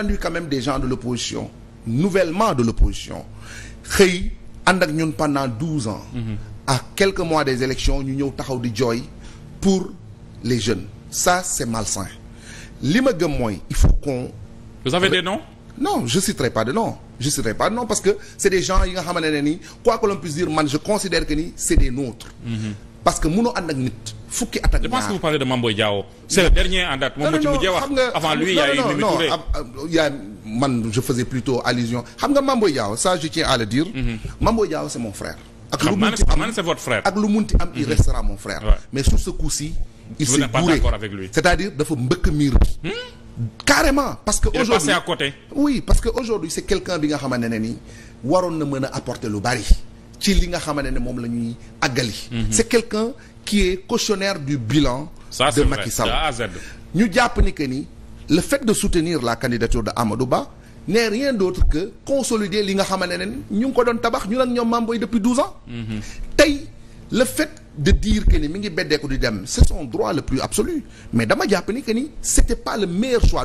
entendu quand même des gens de l'opposition nouvellement de l'opposition xëy ànd ak ñun pendant douze ans mhm. à quelques mois des élections ñu ñëw taxaw di jooy pour les jeunes ça c'est malsain li ma gëm mooy il faut qu'on vous avez des noms non je citerai pas de nom je citerai pas de nom parce que c'est des gens yi nga xamante ne nii quoi que l'on puisse dire man je considère que ni c'est des nôtres mhm. parce que mënoo ànd ak nit fukki at ak ñaar je pense que vous parlez man je faisais plutôt allusion xam nga Mame Boye Diao ça je tiens à le dire. Mhm. Mame Boye Diao c'est mon frère. ak lu munti am c'est votre frère. am il mhm. restera mon frère. mais sur ce coup-ci. il s'est bourré c'est-à-dire dafa mbëkk miir. Hmm? carrément parce que. aujourd'hui côté. oui parce que aujourd'hui c'est quelqu'un bi nga xamante ne nii waroon na mën a apporter lu bari. ci li nga xamante ne moom la ñuy àggali. Mhm. c'est quelqu'un qui est cautionnaire du bilan. de Macky Sall ñu jàpp ni que ni le de soutenir la candidature de Amadou Ba n'est rien d'autre que consolider li nga xamante ne ñu ngi ko doon tabax ñu nag ñoom Mame Boye depuis douze ans. Mhm. tey le fait de dire que ni mi ngi beddeeku di dem c'est son droit le plus absolu mais dama jàpp ni que c'était pas le meilleur choix.